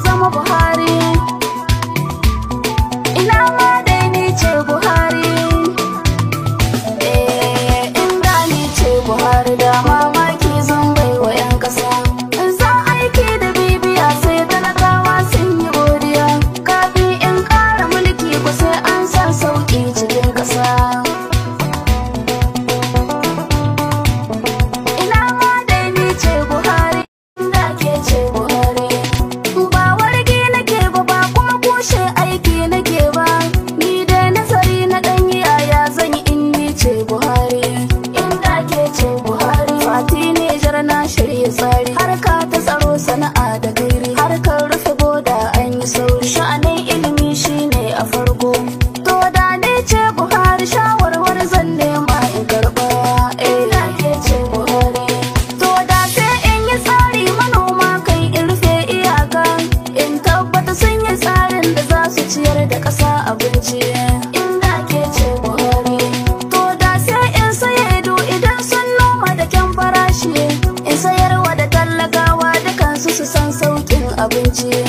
zama buhari shirya tsari harka ta tsaro sana'a da gairi harkar rufe boda an yi sauri sha'anin ilimi shine a farko to da ne ce buhari shawarwar zan nema in karba eh, ila ke ce buhari to da sai in yi tsari manoma kai in rufe iyaka in tabbata sun yi tsarin da za su ciyar da ƙasa abinci yeah.